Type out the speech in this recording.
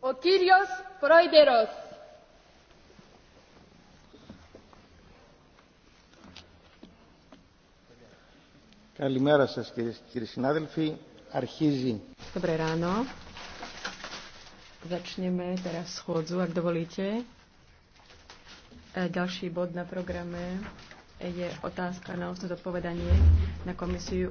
Ο κύριος Πρόεδρος. Καλημέρα σας κύριε, κύριοι συνάδελφοι. Αρχίζει. Dobré ráno. Začneme teraz schôdzu, ak dovolíte. E, ďalší bod na programe je otázka na odpovedanie na komisiu